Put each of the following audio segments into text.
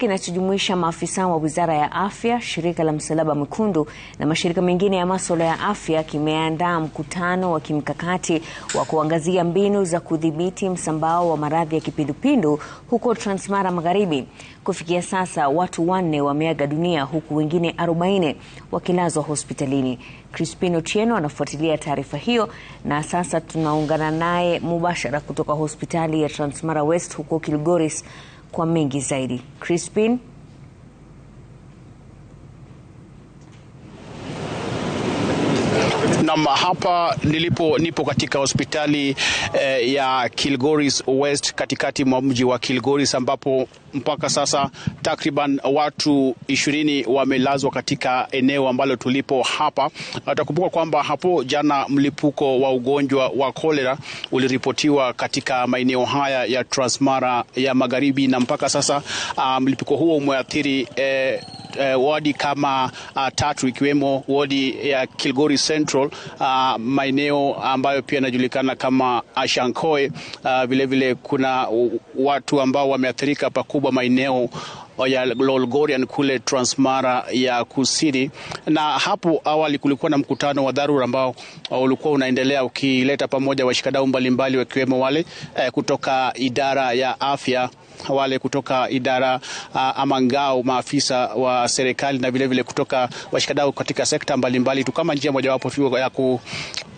kinachojumuisha maafisa wa Wizara ya Afya, Shirika la Msalaba Mwekundu na mashirika mengine ya masuala ya afya kimeandaa mkutano wa kimkakati wa kuangazia mbinu za kudhibiti msambao wa maradhi ya kipindupindu huko Transmara Magharibi. Kufikia sasa watu wanne wameaga dunia huku wengine 40 wakilazwa hospitalini. Crispino Tieno anafuatilia taarifa hiyo na sasa tunaungana naye mubashara kutoka hospitali ya Transmara West huko Kilgoris kwa mengi zaidi. Crispin Naam, hapa nilipo nipo katika hospitali eh, ya Kilgoris West katikati mwa mji wa Kilgoris ambapo mpaka sasa takriban watu ishirini wamelazwa katika eneo ambalo tulipo hapa. Utakumbuka kwamba hapo jana mlipuko wa ugonjwa wa kolera uliripotiwa katika maeneo haya ya Transmara ya Magharibi na mpaka sasa ah, mlipuko huo umeathiri eh, uh, wadi kama uh, tatu ikiwemo wadi ya Kilgori Central uh, maeneo ambayo pia yanajulikana kama Ashankoe. Vilevile ah, uh, vile kuna watu ambao wameathirika pakubwa maeneo Oh, ya Lolgorian kule Transmara ya Kusini, na hapo awali kulikuwa na mkutano wa dharura ambao uh, ulikuwa unaendelea ukileta pamoja washikadau mbalimbali wakiwemo wale eh, kutoka idara ya afya wale kutoka idara uh, ama ngao maafisa wa serikali na vilevile vile kutoka washikadau katika sekta mbalimbali tu kama njia mojawapo ya ku,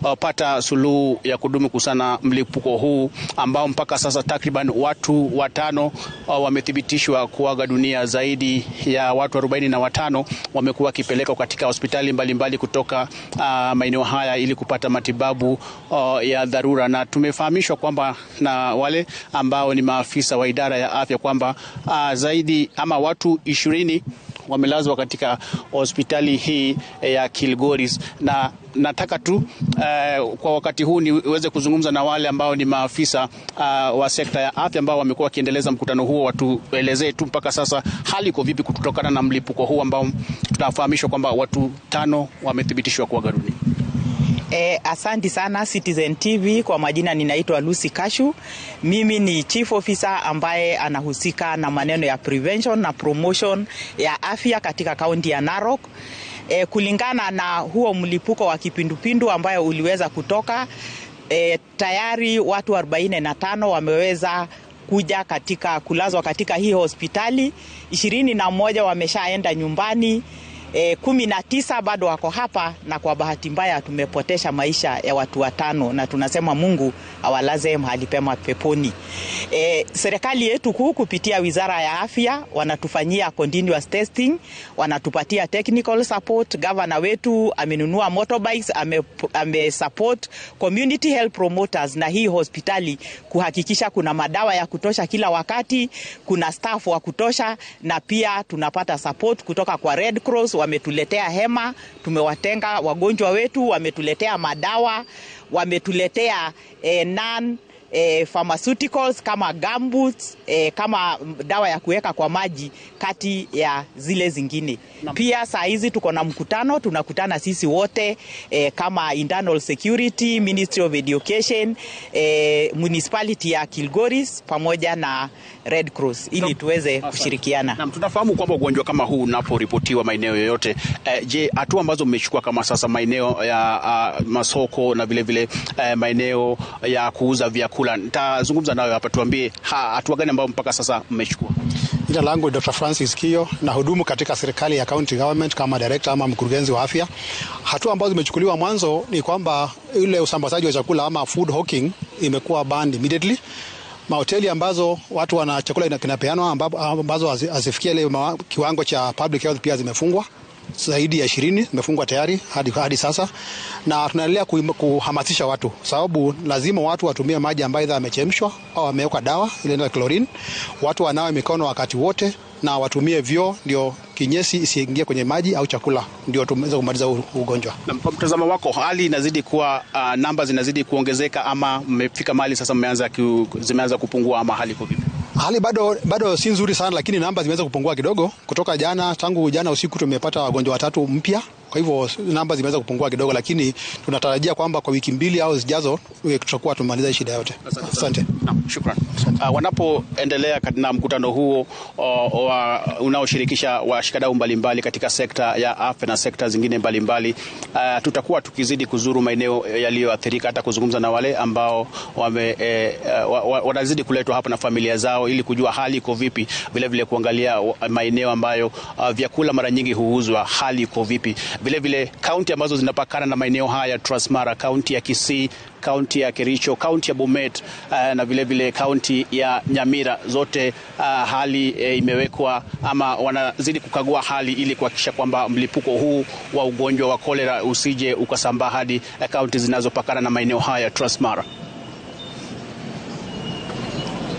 wapata suluhu ya kudumu kusana mlipuko huu ambao mpaka sasa takriban watu watano uh, wamethibitishwa kuaga dunia. Zaidi ya watu arobaini na watano wamekuwa wakipelekwa katika hospitali mbalimbali mbali kutoka uh, maeneo haya ili kupata matibabu uh, ya dharura, na tumefahamishwa kwamba na wale ambao ni maafisa wa idara ya afya kwamba uh, zaidi ama watu ishirini wamelazwa katika hospitali hii eh, ya Kilgoris, na nataka tu uh, kwa wakati huu niweze kuzungumza na wale ambao ni maafisa uh, wa sekta ya afya ambao wamekuwa wakiendeleza mkutano huo, watuelezee tu mpaka sasa hali iko vipi kutokana na mlipuko huu ambao tunafahamishwa kwamba watu tano wamethibitishwa kuaga dunia. E, eh, asanti sana Citizen TV. Kwa majina ninaitwa Lucy Kashu. Mimi ni chief officer ambaye anahusika na maneno ya prevention na promotion ya afya katika kaunti ya Narok. E, kulingana na huo mlipuko wa kipindupindu ambayo uliweza kutoka e, tayari watu 45 wameweza kuja katika kulazwa katika hii hospitali, ishirini na moja wameshaenda nyumbani e, kumi na tisa bado wako hapa, na kwa bahati mbaya tumepotesha maisha ya watu watano, na tunasema Mungu awalaze mahali pema peponi. E, serikali yetu kuu kupitia wizara ya afya wanatufanyia continuous testing, wanatupatia technical support. Gavana wetu amenunua motorbikes, ame, ame support community health promoters na hii hospitali kuhakikisha kuna madawa ya kutosha kila wakati, kuna staff wa kutosha, na pia tunapata support kutoka kwa Red Cross wametuletea hema, tumewatenga wagonjwa wetu, wametuletea madawa, wametuletea e, nan e, pharmaceuticals kama gumboots, e, eh, kama dawa ya kuweka kwa maji kati ya zile zingine. Pia saa hizi tuko na mkutano, tunakutana sisi wote e, kama internal security, Ministry of Education, e, municipality ya Kilgoris pamoja na Red Cross ili tuweze kushirikiana. Naam, tunafahamu kwamba ugonjwa kama huu unaporipotiwa maeneo yoyote e, je, hatua ambazo mmechukua kama sasa maeneo ya a, ah, masoko na vilevile vile, e, maeneo ya kuuza vyakula fulani. Nitazungumza nawe hapa, tuambie hatua gani ambayo mpaka sasa mmechukua. Jina langu Dr. Francis Kio na hudumu katika serikali ya county government kama director ama mkurugenzi wa afya. Hatua ambazo zimechukuliwa mwanzo ni kwamba ile usambazaji wa chakula ama food hawking imekuwa banned immediately. Mahoteli ambazo watu wana chakula kinapeanwa ambazo hazifikia ile kiwango cha public health pia zimefungwa zaidi ya ishirini zimefungwa tayari hadi, hadi sasa, na tunaendelea kuhamasisha watu, sababu lazima watu watumie maji ambayo idha yamechemshwa au wamewekwa dawa ile na chlorine. Watu wanawe mikono wakati wote na watumie vyoo, ndio kinyesi isiingie kwenye maji au chakula, ndio tumeweza kumaliza ugonjwa. Kwa mtazamo wako, hali inazidi kuwa uh, namba zinazidi kuongezeka ama mmefika mahali sasa mmeanza zimeanza kupungua ama hali kwa vipi? Hali bado bado si nzuri sana, lakini namba zimeweza kupungua kidogo kutoka jana. Tangu jana usiku tumepata wagonjwa watatu mpya kwa hivyo namba zimeweza kupungua kidogo, lakini tunatarajia kwamba kwa wiki mbili au zijazo eh, tutakuwa tumaliza shida yote. Asante Shukran. Uh, wanapoendelea na mkutano huo uh, uh, unaoshirikisha washikadau mbalimbali katika sekta ya afya na sekta zingine mbalimbali mbali. Uh, tutakuwa tukizidi kuzuru maeneo eh, yaliyoathirika hata kuzungumza na wale ambao wame, uh, wanazidi kuletwa hapa na familia zao ili kujua hali iko vipi, vilevile kuangalia maeneo ambayo uh, vyakula mara nyingi huuzwa hali iko vipi vilevile kaunti ambazo zinapakana na maeneo haya Transmara, kaunti ya Kisii, kaunti ya Kericho, kaunti ya Bomet uh, na vilevile kaunti ya Nyamira zote uh, hali uh, imewekwa ama wanazidi kukagua hali ili kuhakikisha kwamba mlipuko huu wa ugonjwa wa kolera usije ukasambaa hadi kaunti zinazopakana na maeneo haya Transmara.